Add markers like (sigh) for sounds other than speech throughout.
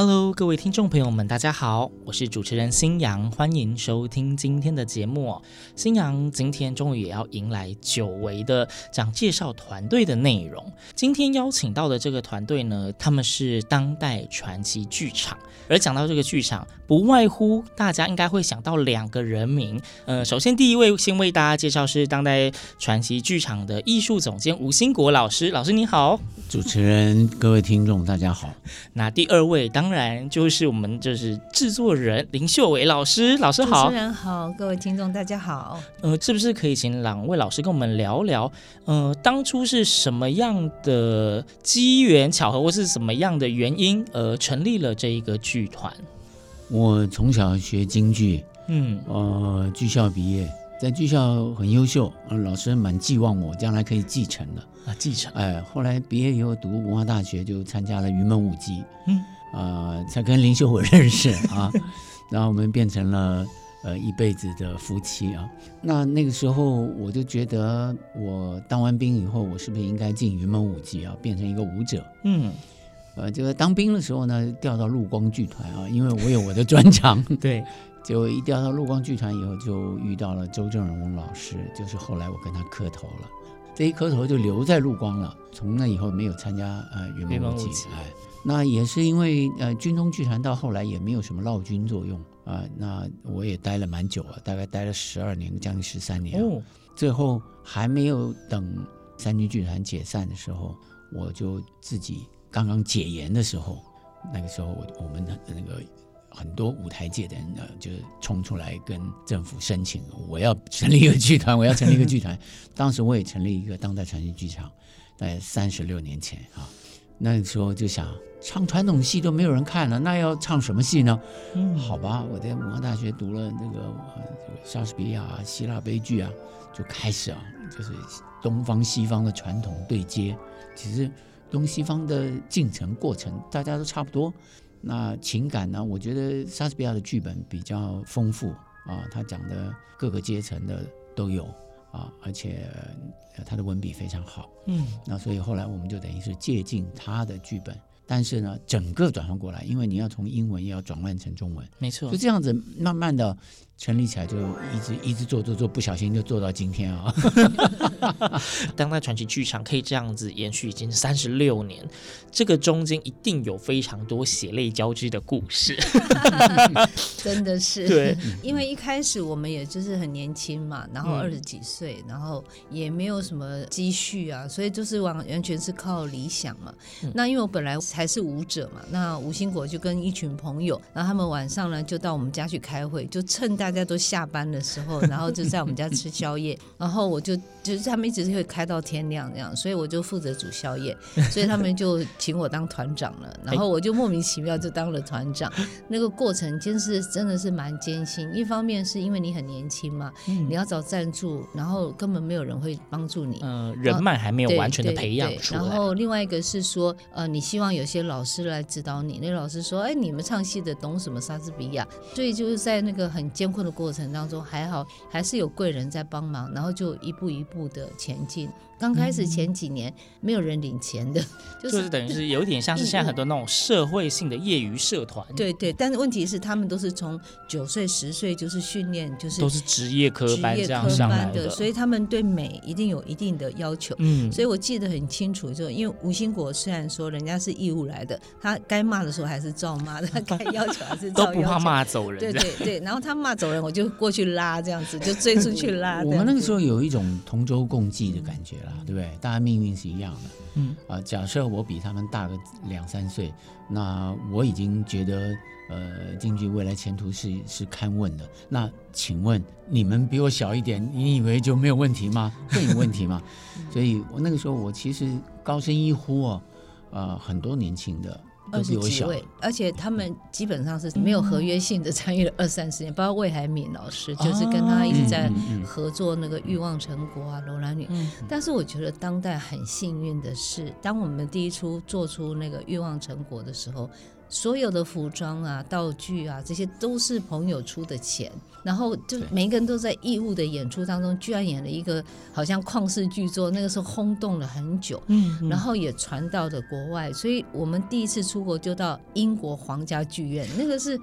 Hello，各位聽眾朋友們，大家好，我是主持人星洋，歡迎收聽今天的節目。星洋今天終於也要迎來久違的講介紹團隊的內容。今天邀請到的這個團隊呢，他們是當代傳奇劇場。而講到這個劇場，不外乎大家應該會想到兩個人名。呃，首先第一位先為大家介紹是當代傳奇劇場的藝術總監吳興國老師，老師你好。主持人、各位聽眾，大家好。 (laughs) 那第二位當然就是我們就是製作人林秀偉老師，老師好。主持人好，各位聽眾大家好。呃，是不是可以請兩位老師跟我們聊聊？呃，當初是什麼樣的機緣巧合，或是什麼樣的原因，而成立了這一個劇團？我從小學京劇，嗯，呃，劇校畢業。在技校很優秀、呃，老師蠻寄望我將來可以繼承的啊，繼承、哎、後來畢業以後讀文化大學，就參加了雲門舞集，嗯、呃，才跟林秀慧認識 (laughs) 啊，然後我們變成了呃一輩子的夫妻啊。那那個時候我就覺得，我當完兵以後，我是不是應該進雲門舞集啊，變成一個舞者？嗯，呃，當兵的時候呢，調到陸光劇團啊，因為我有我的專長。 (laughs) 對。就一調到陸光劇團以後，就遇到了周正榮老師，就是後來我跟他磕頭了，這一磕頭就留在陸光了。從那以後沒有參加呃雲門舞集哎，那也是因為呃軍中劇團到後來也沒有什麼勞軍作用啊、呃，那我也待了蠻久啊，大概待了十二年，將近十三年、哦，最後還沒有等三軍劇團解散的時候，我就自己剛剛解嚴的時候，那個時候我我們的那個。很多舞台界的人呢，就衝出來跟政府申請，我要成立一個劇團，我要成立一個劇團。 (laughs) 當時我也成立一個當代傳奇劇場，在三十六年前啊，那時候就想唱傳統戲都沒有人看了，那要唱什麼戲呢？嗯、好吧，我在文化大學讀了那個莎士比亞、啊、希臘悲劇啊，就開始啊，就是東方西方的傳統對接，其實東西方的進程過程大家都差不多。那情感呢？我覺得莎士比亞的劇本比較豐富啊、哦，他講的各個階層的都有啊、哦，而且他的文筆非常好。嗯，那所以後來我們就等於是借鑑他的劇本。但是呢，整個轉換過來，因為你要從英文也要轉換成中文，沒錯，就這樣子慢慢的成立起來，就一直一直做做做，不小心就做到今天啊、哦。 (laughs) (laughs) 當代傳奇劇場可以這樣子延續已經三十六年，這個中間一定有非常多血淚交織的故事， (laughs) (laughs) 真的是。對、嗯，因為一開始我們也就是很年輕嘛，然後二十幾歲、嗯，然後也沒有什麼積蓄啊，所以就是完完全是靠理想嘛。嗯、那因為我本來。還是舞者嘛，那吳興國就跟一群朋友，然後他們晚上呢就到我們家去開會，就趁大家都下班的時候，然後就在我們家吃宵夜， (laughs) 然後我就就是他們一直是會開到天亮這樣，所以我就負責煮宵夜，所以他們就請我當團長了， (laughs) 然後我就莫名其妙就當了團長，那個過程真是真的是蠻艱辛，一方面是因為你很年輕嘛，嗯、你要找贊助，然後根本沒有人會幫助你，嗯、呃，人脈還沒有完全的培養出來，對對對，然後另外一個是說，呃，你希望有。些老師來指導你，那個、老師說：“哎、欸，你們唱戲的懂什麼莎士比亞？”所以就是在那個很艱困的過程當中，還好還是有貴人在幫忙，然後就一步一步的前進。剛開始前幾年、嗯、沒有人領錢的、就是，就是等於是有點像是現在很多那種社會性的業餘社團。 (laughs) 嗯、對對，但是問題是他們都是從九歲十歲就是訓練，就是都是職業科班這樣上班的，的對，所以他們對美一定有一定的要求。嗯，所以我記得很清楚，就因為吳興國雖然說人家是義務來的，他該罵的時候還是照罵的，他該要求還是照。 (laughs) 都不怕罵走人。對對對， (laughs) 然後他罵走人，我就過去拉這樣子，就追出去拉。 (laughs) 我們那個時候有一種同舟共濟的感覺。嗯對不對？大家命運是一樣的。嗯、呃、啊，假設我比他們大個兩三歲，那我已經覺得，呃，京劇未來前途是是堪問的。那請問你們比我小一點，你以為就沒有問題嗎？會有問題嗎？ (laughs) 所以，我那個時候我其實高聲一呼哦，啊、呃，很多年輕的。二十幾位，而且他們基本上是沒有合約性的參與了二三十年，嗯，包括魏海敏老師、啊，就是跟他一直在合作那個《慾望城國啊》，啊，嗯《樓蘭女》嗯。但是我覺得當代很幸運的是，嗯，當我們第一齣做出那個《慾望城國》的時候，所有的服裝啊、道具啊，這些都是朋友出的錢，然後就每一個人都在義務的演出當中，居然演了一個好像曠世巨作，那個時候轟動了很久，嗯嗯，然後也傳到了國外。所以我們第一次出國就到英國皇家劇院，那個是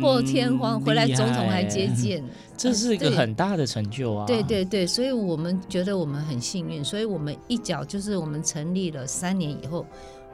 破天荒，回來總統還接見，這是一個很大的成就啊。呃、對，對對對，所以我們覺得我們很幸運，所以我們一腳就是我們成立了三年以後。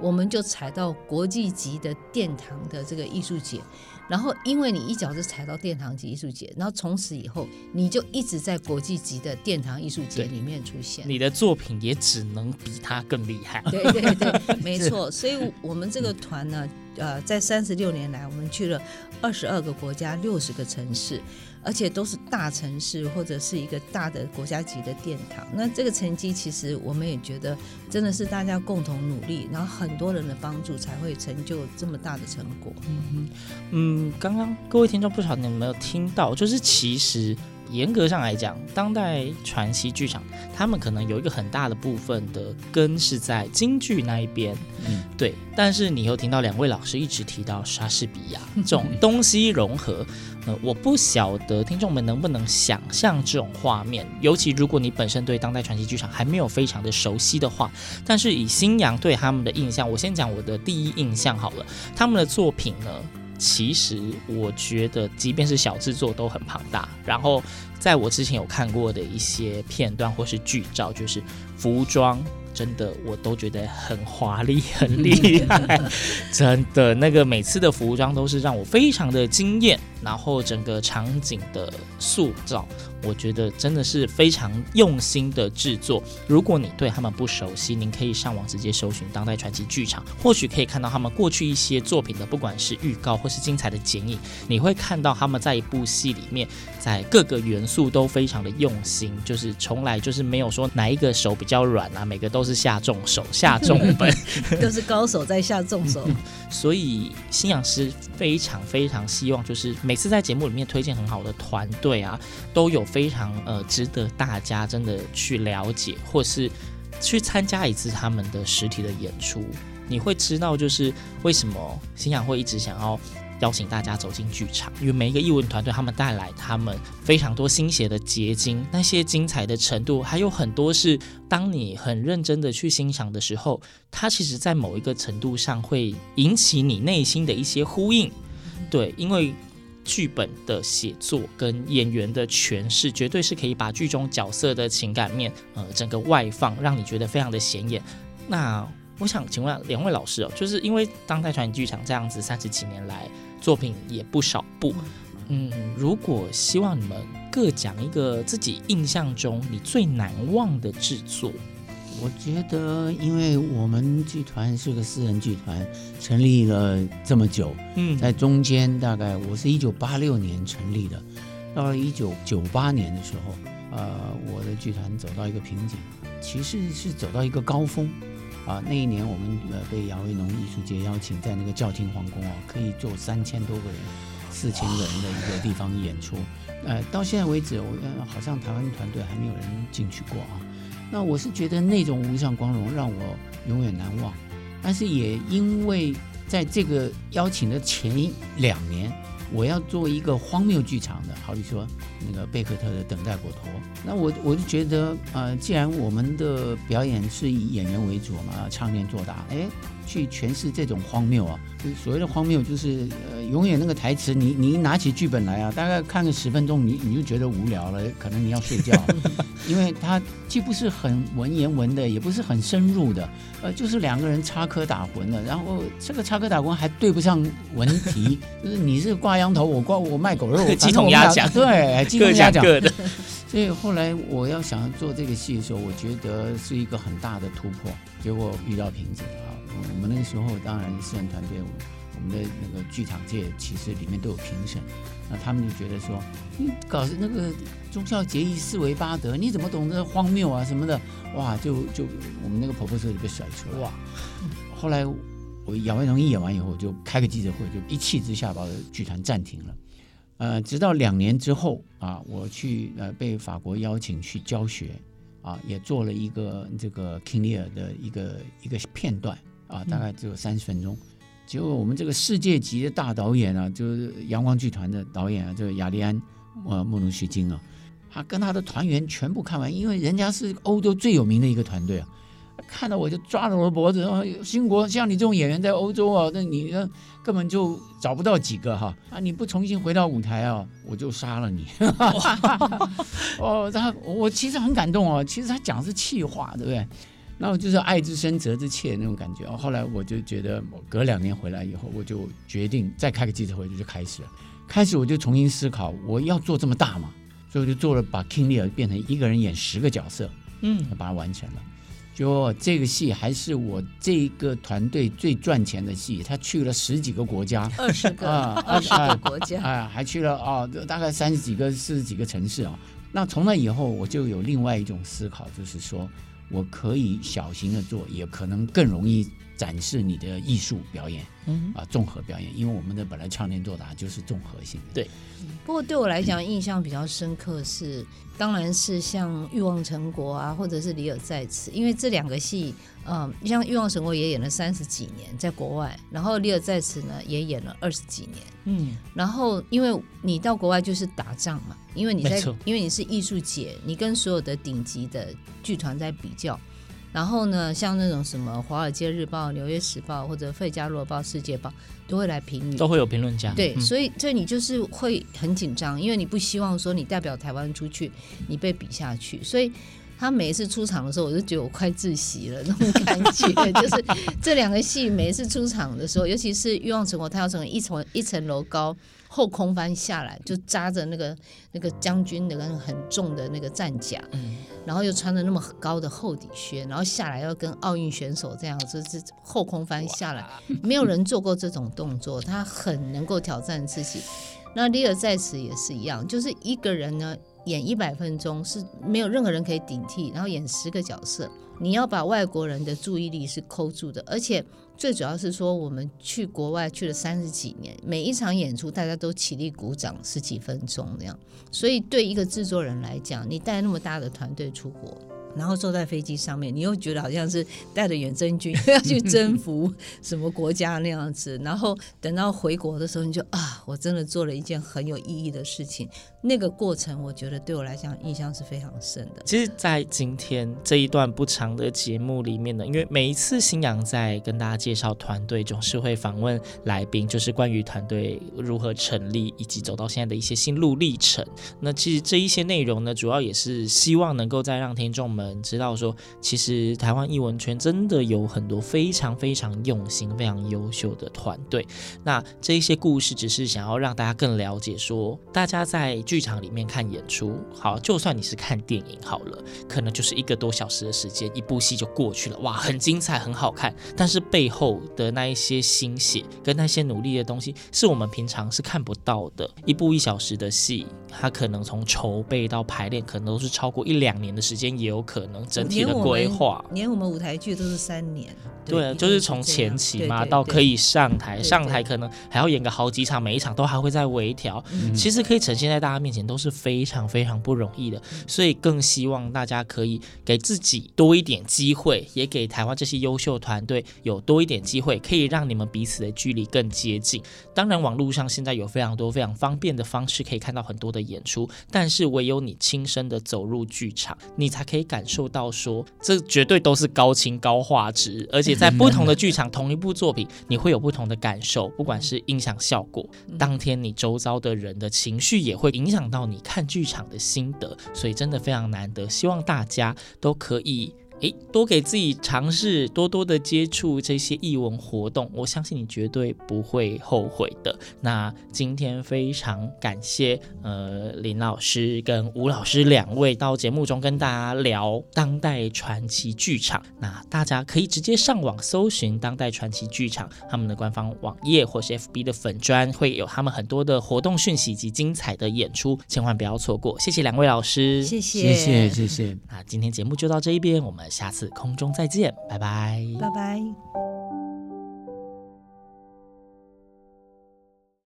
我們就踩到國際級的殿堂的這個藝術節，然後因為你一腳就踩到殿堂級藝術節，然後從此以後你就一直在國際級的殿堂藝術節裡面出現，你的作品也只能比他更厲害。對對對，沒錯。所以我們這個團呢，呃，在三十六年來，我們去了二十二個國家，六十個城市。而且都是大城市或者是一個大的國家級的殿堂，那這個成績其實我們也覺得真的是大家共同努力，然後很多人的幫助才會成就這麼大的成果。嗯嗯，剛剛各位聽眾不知道你有沒有聽到，就是其實。嚴格上來講，當代傳奇劇場，他們可能有一個很大的部分的根是在京劇那一邊，嗯，對。但是你又聽到兩位老師一直提到莎士比亞這種東西融合，嗯、呃，我不曉得聽眾們能不能想象這種畫面，尤其如果你本身對當代傳奇劇場還沒有非常的熟悉的話。但是以星洋對他們的印象，我先講我的第一印象好了，他們的作品呢？其實我覺得，即便是小製作都很龐大。然後，在我之前有看過的一些片段或是劇照，就是服裝，真的我都覺得很華麗、很厲害， (laughs) 真的。那個每次的服裝都是讓我非常的驚艷。然後整個場景的塑造，我覺得真的是非常用心的製作。如果你對他們不熟悉，您可以上網直接搜尋當代傳奇劇場，或許可以看到他們過去一些作品的，不管是預告或是精彩的剪影，你會看到他們在一部戲裡面，在各個元素都非常的用心，就是從來就是沒有說哪一個手比較軟啊，每個都是下重手下重本，都 (laughs) 是高手在下重手。 (laughs) 所以星洋師。非常非常希望，就是每次在節目裡面推薦很好的團隊啊，都有非常呃值得大家真的去了解，或是去參加一次他們的實體的演出，你會知道就是為什麼星洋會一直想要。邀請大家走進劇場，因為每一個藝文團隊，他們帶來他們非常多心血的結晶，那些精彩的程度還有很多是，當你很認真的去欣賞的時候，它其實在某一個程度上會引起你內心的一些呼應。嗯、對，因為劇本的寫作跟演員的詮釋，絕對是可以把劇中角色的情感面，呃，整個外放，讓你覺得非常的顯眼。那我想請問兩位老師哦，就是因為當代傳奇劇場這樣子三十幾年來作品也不少部，嗯，如果希望你們各講一個自己印象中你最難忘的製作。我覺得因為我們劇團是個私人劇團，成立了這麼久，嗯，在中間大概我是一九八六年成立的，到了一九九八年的時候，呃，我的劇團走到一個瓶頸，其實是走到一個高峰。啊，那一年我們呃被亞維儂藝術節邀請在那個教廷皇宮哦，啊，可以坐三千多個人、四千個人的一個地方演出，呃，到現在為止，我好像台灣團隊還沒有人進去過啊。那我是覺得那種無上光榮讓我永遠難忘，但是也因為在這個邀請的前兩年。我要做一個荒謬劇場的，好比說那個貝克特的《等待果陀》，那我我就覺得啊、呃，既然我們的表演是以演員為主嘛，唱念做打。哎、欸。去詮釋這種荒謬啊，就所謂的荒謬就是呃，永遠那個台詞你，你你拿起劇本來啊，大概看個十分鐘你，你你就覺得無聊了，可能你要睡覺， (laughs) 因為他既不是很文言文的，也不是很深入的，呃，就是兩個人插科打諢了，然後這個插科打諢還對不上文題， (laughs) 就是你是掛羊頭，我掛我賣狗肉，雞同鴨講，啊、對，雞同鴨講對。各講各的 (laughs) 所以後來我要想要做這個戲的時候，我覺得是一個很大的突破，結果遇到瓶頸我們那個時候，當然私人團隊我，我們的那個劇場界其實裡面都有評審，那他們就覺得說，你、嗯、搞那個忠孝節義四維八德，你怎麼懂得荒謬啊什麼的？哇，就就我們那個婆婆說就被甩出來哇。後來我楊麥農一演完以後，我就開個記者會，就一氣之下把劇團暫停了。呃，直到兩年之後啊，我去呃被法國邀請去教學啊，也做了一個這個 King Lear 的一個一個片段。啊，大概只有三十分鐘，嗯。結果我們這個世界級的大導演啊，就是陽光劇團的導演啊，就是亞利安、呃、慕容徐晶啊，他跟他的團員全部看完，因為人家是歐洲最有名的一個團隊啊。看到我就抓着我的脖子，啊、興國，像你這種演員在歐洲啊，那你根本就找不到幾個哈、啊。啊，你不重新回到舞台啊，我就殺了你。 (laughs) 哈哈哈哈，哦，他，我其實很感動哦。其實他講的是氣話，對不對？那我就是愛之深，責之切那種感覺。後來我就覺得，隔兩年回來以後，我就決定再開個記者會，就就開始了。開始我就重新思考，我要做這麼大嘛，所以我就做了，把 King Lear 變成一個人演十個角色，嗯，把它完成了。就這個戲還是我這個團隊最賺錢的戲，他去了十幾個國家，二十個，啊、二十個國家，哎、啊，還去了哦，啊、大概三十幾個、四十幾個城市啊。那從那以後，我就有另外一種思考，就是說。我可以小型的做，也可能更容易，展示你的藝術表演，嗯啊，綜、呃、合表演，因為我們的本來唱念做打就是綜合性的。對，嗯、不過對我來講，印象比較深刻是，嗯、當然是像《欲望城國》啊，或者是《李爾在此》，因為這兩個戲，嗯、呃，像《欲望城國》也演了三十幾年，在國外，然後《李爾在此》呢也演了二十幾年，嗯，然後因為你到國外就是打仗嘛，因為你在，因為你是藝術界，你跟所有的頂級的劇團在比較。然後呢，像那種什麼《華爾街日報》《紐約時報》或者《費加羅報》《世界報》，都會來評你，都會有評論家。對，嗯、所以這你就是會很緊張，因為你不希望說你代表台灣出去，你被比下去，所以。他每一次出場的時候，我就覺得我快窒息了，那種感覺 (laughs) 就是這兩個戲每一次出場的時候，尤其是《欲望城國》，他要從一層一層樓高後空翻下來，就扎着那個那個將軍的那個很重的那個戰甲，嗯，然後又穿着那麼高的厚底靴，然後下來要跟奧運選手這樣就是後空翻下來，沒有人做過這種動作，他很能夠挑戰自己。那李爾在此也是一樣，就是一個人呢。演一百分鐘是沒有任何人可以頂替，然後演十個角色，你要把外國人的注意力是扣住的，而且最主要是說我們去國外去了三十幾年，每一場演出大家都起立鼓掌十幾分鐘那樣，所以對一個製作人來講，你帶那麼大的團隊出國。然後坐在飛機上面，你又覺得好像是帶着遠征軍要去征服什麼國家那樣子。 (laughs) 然後等到回國的時候，你就啊，我真的做了一件很有意義的事情。那個過程，我覺得對我來講印象是非常深的。其實，在今天這一段不長的節目裡面呢，因為每一次星洋在跟大家介紹團隊，總是會訪問來賓，就是關於團隊如何成立以及走到現在的一些心路歷程。那其實這一些內容呢，主要也是希望能夠再讓聽眾們。知道說，其實台灣藝文圈真的有很多非常非常用心、非常優秀的團隊。那這一些故事只是想要讓大家更了解，說大家在劇場裡面看演出，好，就算你是看電影好了，可能就是一個多小時的時間，一部戲就過去了，哇，很精彩，很好看。但是背後的那一些心血跟那些努力的東西，是我們平常是看不到的。一部一小時的戲，它可能從籌備到排練，可能都是超過一兩年的時間，也有可能。可能整體的規劃連，連我們舞台劇都是三年，對，對，就是從前期嘛，對對對，到可以上台，對對對，上台可能還要演個好幾場，每一場都還會再微調，嗯，其實可以呈現在大家面前都是非常非常不容易的，所以更希望大家可以給自己多一點機會，嗯，也給台灣這些優秀團隊有多一點機會，可以讓你們彼此的距離更接近。當然，網絡上現在有非常多非常方便的方式可以看到很多的演出，但是唯有你親身的走入劇場，你才可以感。感受到說，這絕對都是高清高畫質，而且在不同的劇場，同一部作品，你會有不同的感受，不管是音響效果，當天你周遭的人的情緒也會影響到你看劇場的心得，所以真的非常難得，希望大家都可以。誒，多給自己嘗試，多多的接觸這些藝文活動，我相信你絕對不會後悔的。那今天非常感謝呃林老師跟吳老師兩位到節目中跟大家聊當代傳奇劇場。那大家可以直接上網搜尋當代傳奇劇場他們的官方網頁或是 FB 的粉專，會有他們很多的活動訊息及精彩的演出，千萬不要錯過。謝謝兩位老師，謝謝，謝謝謝謝。那今天節目就到這一邊，我們。下次空中再見，拜拜，拜拜。